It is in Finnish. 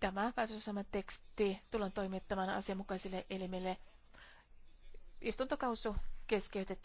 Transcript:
Tämä päätösasema teksti tullaan toimittamaan asianmukaisille elimille. Istuntokausu keskeytetään.